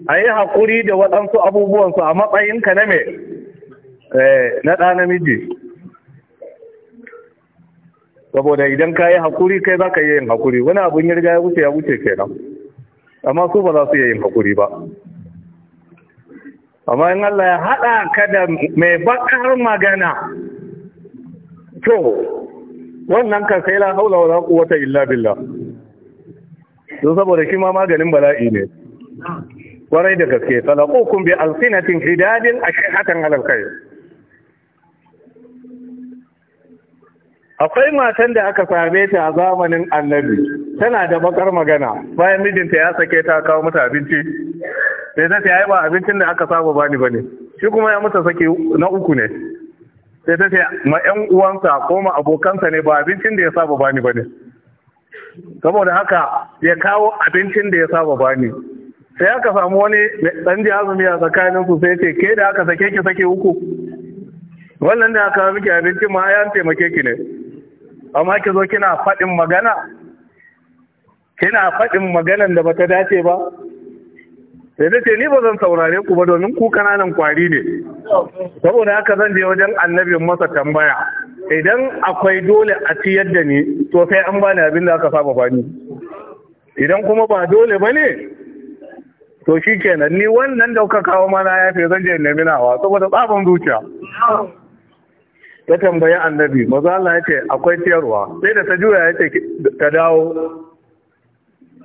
A: a yi haƙuri da waɗansu abubuwansu a matsayinka na me eh, na ɗa namiji saboda idan ka yi haƙuri kai za ka yi yin haƙuri wani abin yarga ya wuce ya wuce kenan amma su ba za su yi yin haƙuri ba amma in Allah ya haɗa ka da mai bakar magana to wannan kan sai la haula wala quwwata illa billah to saboda shi ma maganin bala'i ne warai da gaske talaqukum bi alsinatin hidadin ashihatan ala alkhair akwai matan da aka same ta a zamanin annabi tana da bakar magana bayan mijinta ya sake ta kawo mata abinci sai ta ce ai ba abincin da aka saba bani bane shi kuma ya mata sake na uku ne sai ta ce ma ƴan uwansa ko ma abokansa ne ba abincin da ya saba bani ba ne saboda haka ya kawo abincin da ya saba bani sai aka samu wani ɗan ji a tsakanin su sai ce ke da aka sake ki sake uku wannan da aka miki abincin ma ya taimake ki ne amma ki zo kina faɗin magana kina faɗin maganan da bata dace ba sai dace ce ni ba zan saurare ku ba domin ku kananan kwari ne saboda haka zan je wajen annabin masa tambaya idan akwai dole a ci yadda ni to sai an bani abin da aka saba bani idan kuma ba dole ba ne to shi kenan ni wannan da kuka kawo mana ya fi zan je nemi saboda tsaban zuciya ta tambayi annabi maza Allah ya ce akwai ciyarwa sai da ta juya ya ce ta dawo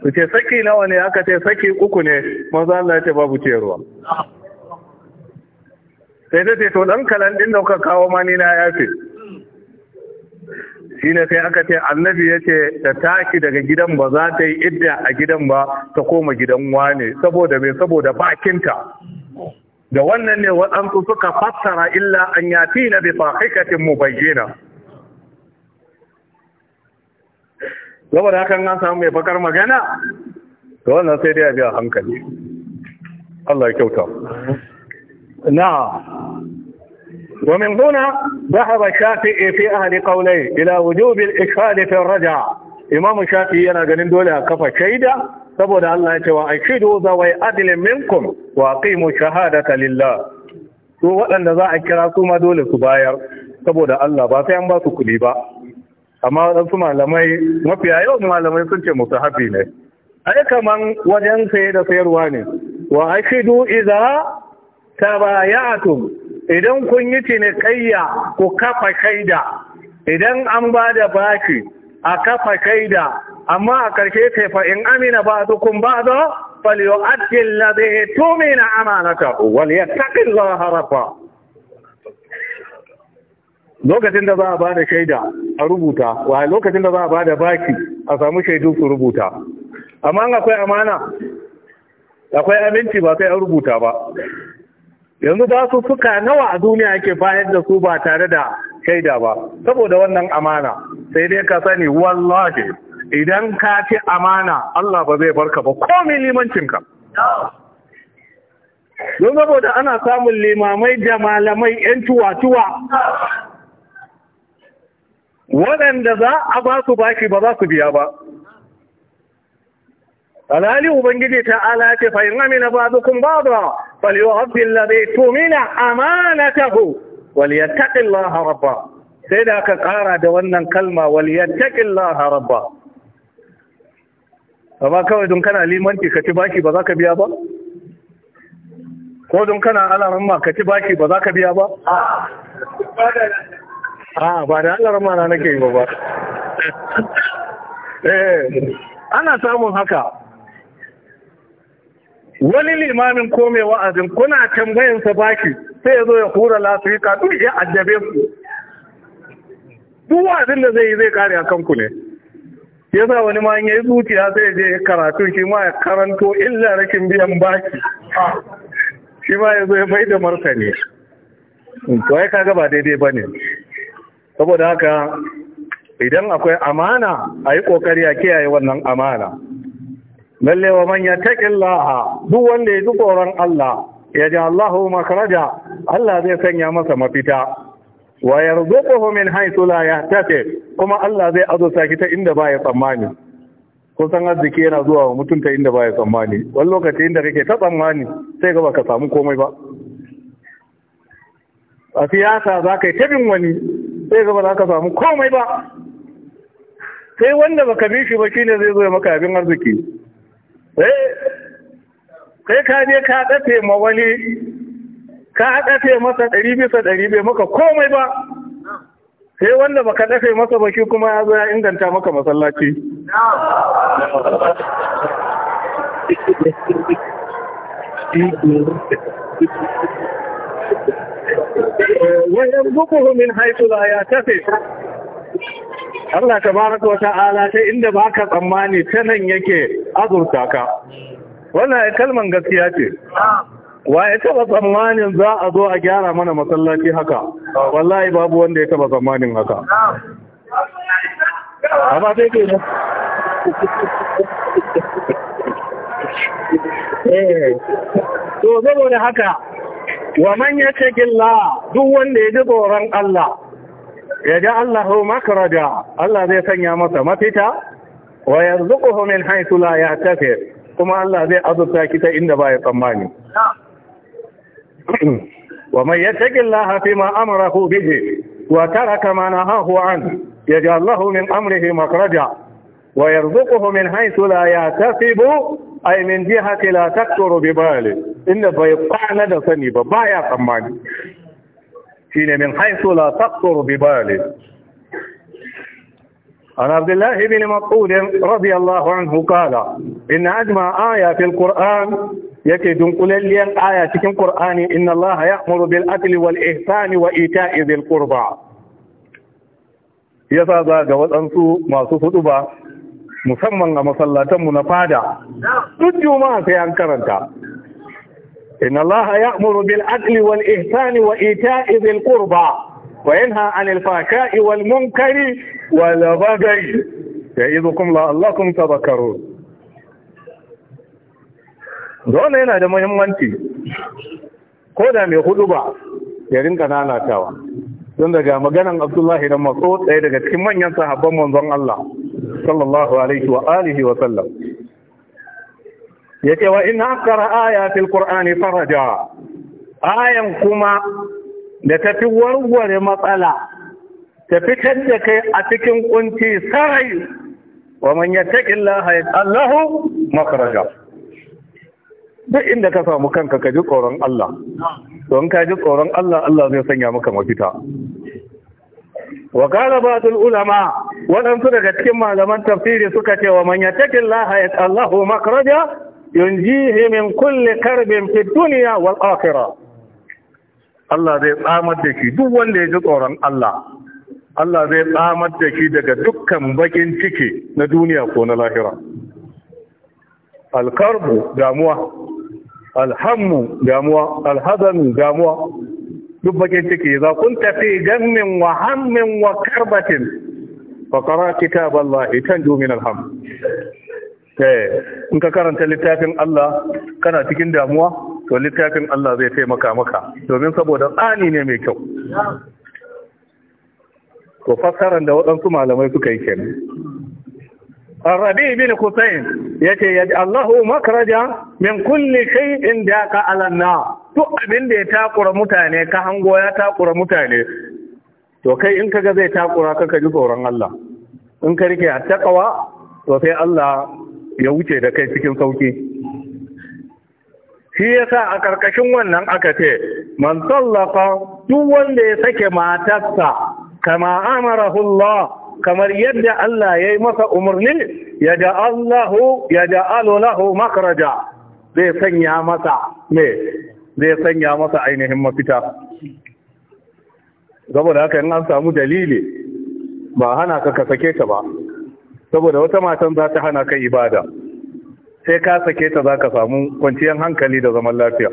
A: su ce saki nawa ne aka ce saki uku ne maza Allah ce babu ciyarwa sai ta ce to dan kalan din da kuka kawo mani na na yafe shi ne sai aka ce annabi ya ce ta tashi daga gidan ba za ta yi idda a gidan ba ta koma gidan wane saboda mai saboda bakinta da wannan ne waɗansu suka fassara illa an yafi na bi mu bayyana zaba da hakan an samu mai bakar magana da wannan sai dai a biya hankali Allah ya kyauta na wa min duna dhahaba shafi'i fi ahli qawli ila wujub al-ishhad fi ar imam shafi'i yana ganin dole a kafa shaida saboda Allah ya ce wa ashidu zawai adl minkum wa aqimu shahadata lillah to waɗanda za a kira su ma dole su bayar saboda Allah ba sai an basu kuɗi ba amma wadansu malamai mafiya yawan malamai sun ce musu hafi ne ai kaman wajen saye da sayarwa ne wa ashidu idza tabayatum idan kun yi kayya ku kafa shaida idan an ba da baki a kafa shaida amma a ƙarshe sai fa in amina ba su kun ba zo falyo adil ladhi tumina amanata wal rabbahu lokacin da za a bada shaida a rubuta wa lokacin da za a bada baki a samu shaidu su rubuta amma akwai amana akwai aminci ba sai an rubuta ba yanzu za su suka nawa a duniya ake bayar da su ba tare da shaida ba saboda wannan amana sai dai ka sani wallahi idan ka ci amana Allah ba zai barka ba komai limancinka don saboda ana samun limamai da malamai 'yan tuwa-tuwa waɗanda za a ba su bashi ba za su biya ba alhali ubangiji ta ala ce fa in amina ba zukun ba da falyuhabbi alladhi tumina amanatahu walyattaqillaha rabba sai da aka ƙara da wannan kalma walyattaqillaha rabba amma kawai don kana limanci ka ci baki ba za ka biya ba ko don kana alaran ma ka ci baki ba za ka biya ba A'a ah, ba da Allah ramana ba ba eh, ana samun haka wani limamin ko mai wa'azin kuna tambayansa baki sai ya zo ya hura lafiya duk ya addabe ku duk wa'azin da zai yi zai kare a kanku ne ya sa wani ma ya yi zuciya sai ya je ya karatu shi ma ya karanto illa rashin biyan baki shi ma ya zo ya bai da martani to ai kaga ba daidai ba ne saboda haka idan akwai amana a yi ƙoƙari a kiyaye wannan amana lalle wa man duk wanda ya ji tsoron Allah ya ji Allahu makaraja Allah zai sanya masa mafita wa yarzuquhu min haythu la yahtasib kuma Allah zai azo saki ta inda ba ya tsammani kusan arziki yana zuwa wa mutum ta inda ba ya tsammani wani lokaci inda kake ta tsammani sai ga baka samu komai ba a siyasa za ka yi tabin wani sai gaba za ka samu komai ba sai wanda baka bi shi ba shine zai zo ya maka abin arziki sai eh, ka je ka dafe ma wani ka dafe masa ɗari bisa ɗari bai maka komai ba sai wanda baka dafe masa ba shi kuma ya zo ya inganta maka masallaci
B: Thank ويرزقه من حيث لا يعتقد
A: Allah tabaraka wata'ala ta inda baka tsammani ta nan yake azurta ka wannan kalman gaskiya ce wa ya taba tsammanin za a zo a gyara mana masallaci haka wallahi babu wanda ya taba tsammanin haka
B: amma sai ke to ne haka
A: wa man yattaqi Allah duk wanda ya ji tsoron Allah ya ji Allahu makraja Allah zai sanya masa mafita wa yarzuquhu min haythu la yahtasib kuma Allah zai azurta ki ta inda ya tsammani wa man yattaqi Allah fi ma amarahu bihi wa taraka ma nahahu an yaj'al lahu min amrihi makraja wa yarzuquhu min haythu la yahtasib ai min jihati la takturu bi bali inda bai kwana da sani ba baya tsammani shine min haythu la takturu bi bali عن عبد الله بن مسعود رضي الله عنه قال إن أجمع آية في القرآن يكي دنقل لي آية في القرآن إن الله يأمر بالأكل والإحسان وإيتاء ذي القربى يسا ذاك وأنسو ما سفتبا musamman a masallatanmu na fada duk juma'a sai an karanta inna allaha ya'muru bil adli wal ihsani wa ita'i dhil qurba wa yanha 'anil fahsha'i wal munkari wal baghi ya'idukum la'allakum tadhakkarun dole yana da muhimmanci ko da mai hudu ba ya rinka nanatawa don daga maganar abdullahi da maso ɗaya daga cikin manyan sahabban manzon Allah sallallahu alaihi wa alihi wa sallam yake wa inna akthara ayatil qur'ani faraja ayan kuma da tafi warware matsala ta fitar kai a cikin kunci sarai wa man yattaqi Allah Allahu makhraja duk inda ka samu kanka ka ji tsoron Allah don ka ji tsoron Allah Allah zai sanya maka mafita wa ba ulama waɗansu daga cikin malaman tafsiri suka ce wa lahaya Allahu makaraja yun yunjihi min kulle karbin fi duniya wal akhirah Allah zai tsamar da shi duk wanda ya ji tsoron Allah Allah zai tsamar da shi daga dukkan bakin ciki na duniya ko na lahira alkarbu damuwa alhammu damuwa alhazanu damuwa duk bakin ciki za kun tafi min wa hammin wa karbatin fa qara kitaballahi tanju min alham eh in ka karanta littafin Allah kana cikin damuwa to littafin Allah zai taimaka maka domin saboda tsani ne mai kyau to fassaran da waɗansu malamai suka yi kenan الربيع بن حسين يتي يجعل له مخرجا min كل شيء داق على النار duk abin da ya takura mutane ka hango ya takura mutane to kai in kaga zai takura ka ji tsoron Allah in ka rike a takawa to sai Allah ya wuce da kai cikin sauki shi yasa a karkashin wannan aka ce man sallaka duk wanda ya sake matarsa kama amarahu Allah kamar yadda Allah ya yi masa umarni ya da Allahu ya da lahu makaraja zai sanya masa mai zai sanya masa ainihin mafita saboda haka yin an samu dalili ba hana ka ka sake ta ba saboda wata matan za ta hana ka ibada sai ka sake ta za ka samu kwanciyar hankali da zaman lafiya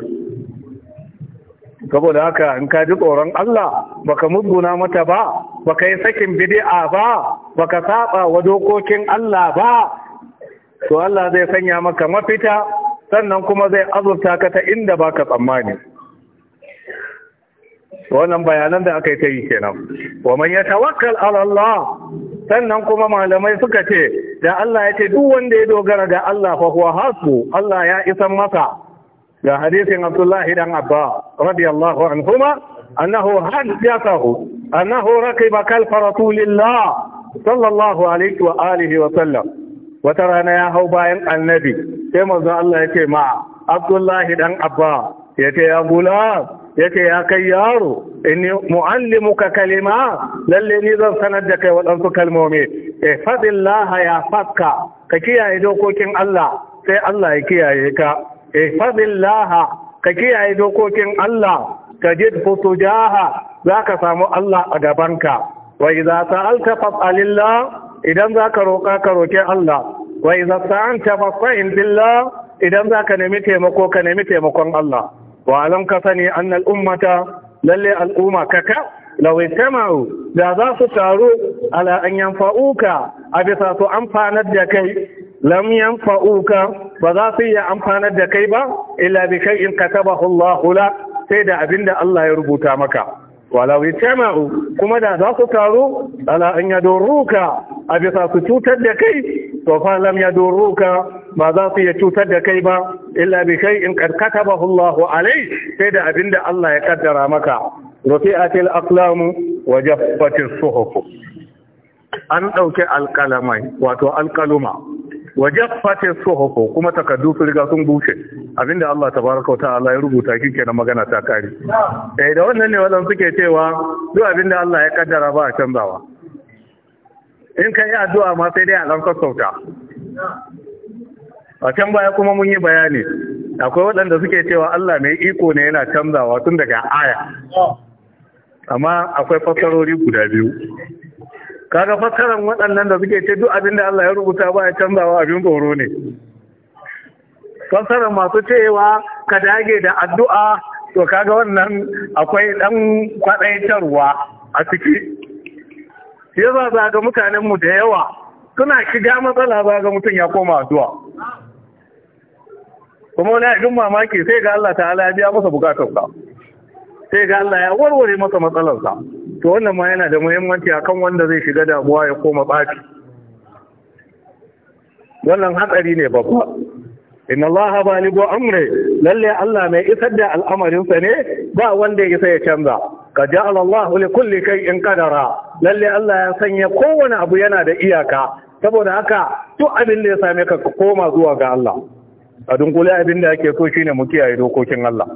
A: saboda haka in ka ji tsoron Allah baka muguna mata ba baka yi sakin bidi'a ba baka saba wa dokokin Allah ba to Allah zai sanya maka mafita sannan kuma zai azurta ka ta inda baka tsammani wannan bayanan da aka yi ta yi kenan wa man yatawakkal ala Allah sannan kuma malamai suka ce da Allah ya ce duk wanda ya dogara ga Allah fa huwa hasu Allah ya isan masa ga hadisin Abdullahi dan Abba radiyallahu anhuma annahu haddathahu annahu raqiba kalfa rasulillah sallallahu alaihi wa alihi wa sallam wata rana ya hau bayan annabi sai manzo Allah ya ce ma Abdullahi dan Abba ya ce ya gulam ya ce ya kai yaro inni muallimuka kalima lalle ni zan sanar da kai waɗansu kalmomi eh fadillaha ya fakka ka kiyaye dokokin Allah sai Allah ya kiyaye ka eh fadillaha ka kiyaye dokokin Allah ka jid futujaha zaka samu Allah a gabanka wa idza sa'alta Alillah. idan za ka roƙa ka roƙi Allah wa idza sa'anta fasta'in billah idan za ka nemi taimako ka nemi taimakon Allah wa alam ka sani annal ummata lalle al'umma kaka law istama'u da za su taru ala an yanfa'uka a bisa su amfanar da kai lam yanfa'uka ba za su iya amfanar da kai ba illa bi shay'in katabahu hula la sai da abinda Allah ya rubuta maka wala wittama'u kuma da za su taru ala an yadurruka a bisa su cutar da kai to fa lam yadurruka ba za su iya cutar da kai ba illa bi in qad katabahu Allahu alai sai da abinda Allah ya kaddara maka rufi'atil aqlamu wa jaffatis suhuf an dauke alqalamai wato alqaluma Waje wajaffati suhufu kuma takardu su riga sun bushe abinda Allah Ta baraka wa ta'ala ya rubuta shi kenan magana ta kare eh da wannan ne wadan suke cewa duk abinda Allah ya kaddara ba a canzawa in ka yi addu'a ma sai dai a ɗan sassauta a can baya kuma mun yi bayani akwai waɗanda suke cewa Allah mai iko ne yana canzawa tun daga aya amma akwai fassarori guda biyu kaga fassarar waɗannan da suke ce duk abin da Allah ya rubuta ba ya canzawa abin tsoro ne fassarar masu cewa ka dage da addu'a to kaga wannan akwai ɗan kwaɗaitarwa a ciki yasa za ga mutanenmu da yawa suna shiga matsala ba ga mutum ya koma addu'a kuma wani abin mamaki sai ga Allah ta'ala ya biya masa bukatarsa sai ga Allah ya warware masa matsalarsa to wannan ma yana da muhimmanci akan wanda zai shiga damuwa ya koma baki. wannan hatsari ne babba inna allaha baligu amri lalle Allah mai isar da al'amarin sa ne ba wanda ya isa ya canza ka ja'ala Allah li kulli in qadara lalle Allah ya sanya kowane abu yana da iyaka saboda haka duk abin da ya same ka koma zuwa ga Allah a dunkule abin da ake so shine mu kiyaye dokokin Allah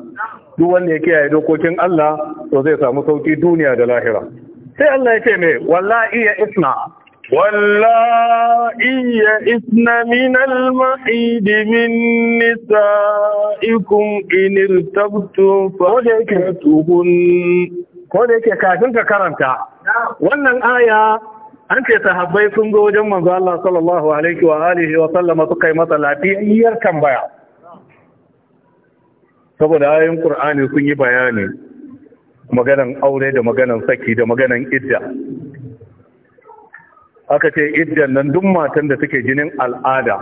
A: duk wanda ya kiyaye dokokin Allah to zai samu sauki duniya da lahira
B: sai Allah ya ce me wallahi ya isna al-ma'id min nisa'ikum in من fa إن yake
A: tuhun ko da yake kafin ka karanta wannan aya an ce sahabbai sun zo wajen manzo Allah sallallahu alaihi wa alihi wa sallama suka yi masa lafiyayyar tambaya saboda ayoyin Qur'ani sun yi bayani maganan aure da maganan saki da maganan idda aka ce iddan nan duk matan da suke jinin al'ada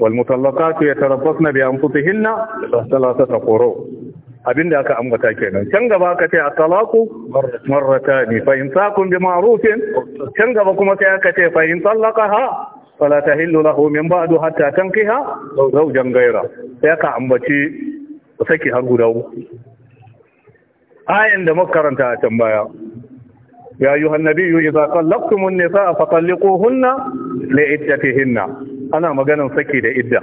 A: wal mutallaqatu yatarabbasna bi anfusihinna thalathata quru Abin da aka ambata kenan can gaba ka ce at-talaqu marratani fa in saqum bi ma'rufin can gaba kuma sai aka ce fa in talaqaha fala tahillu lahu min ba'du hatta tankiha zawjan ghayra sai aka ambaci saki har guda uku ayin da muka karanta a can baya ya ayyuhan nabiyyu idza qallaqtumun nisaa fatalliquhunna li'iddatihinna ana maganan saki da idda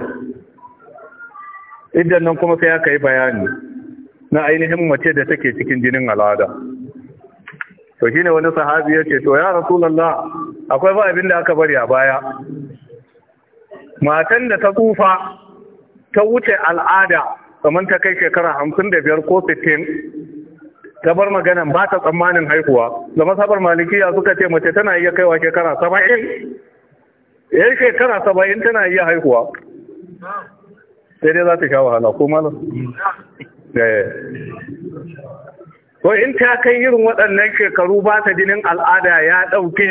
A: iddan nan kuma sai aka yi bayani na ainihin mace da take cikin jinin al'ada to shine wani sahabi ya ce to ya rasulullah akwai ba abin da aka bari a baya matan da ta tsufa ta wuce al'ada kamar ta kai shekara hamsin da biyar ko sittin ta bar maganan ba ta tsammanin haihuwa da masabar malikiya suka ce mace tana iya kaiwa shekara saba'in yan shekara saba'in tana iya haihuwa sai dai za ta sha wahala ko malam Eh. ko in ta kai irin waɗannan shekaru ba ta jinin al'ada ya ɗauke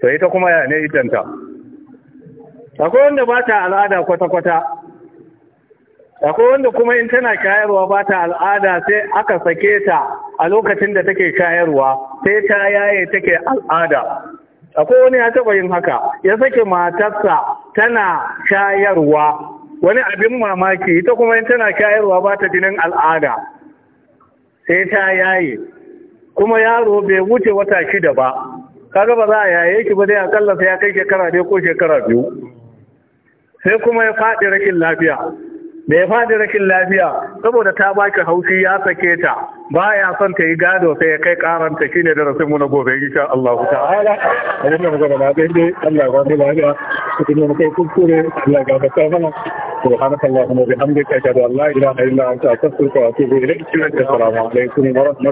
A: to ita kuma ya ne idanta akwai wanda ba ta al'ada kwata-kwata akwai wanda kuma in tana shayarwa ba ta al'ada sai aka sake ta a lokacin da take shayarwa sai ta yaye take al'ada akwai wani ya taɓa yin haka ya sake matarsa tana shayarwa wani abin mamaki ita kuma yin tana shayarwa ba ta jinin al'ada sai ta yaye kuma yaro bai wuce wata shida ba kaga ba za a yaye shi ba zai akalla sai ya kai shekara dai ko shekara biyu sai kuma ya faɗi rashin lafiya da ya faɗi rashin lafiya saboda ta baki haushi ya sake ta ba ya son ta yi gado sai ya kai karanta shi ne darasin mu na gobe insha Allah ta'ala abin da magana na dai dai Allah ya bani lafiya kuma mu kai kuskure Allah ya gafarta
B: mana subhanaka allahumma bihamdika ashhadu an la ilaha illa anta astaghfiruka wa atubu ilayk assalamu alaikum wa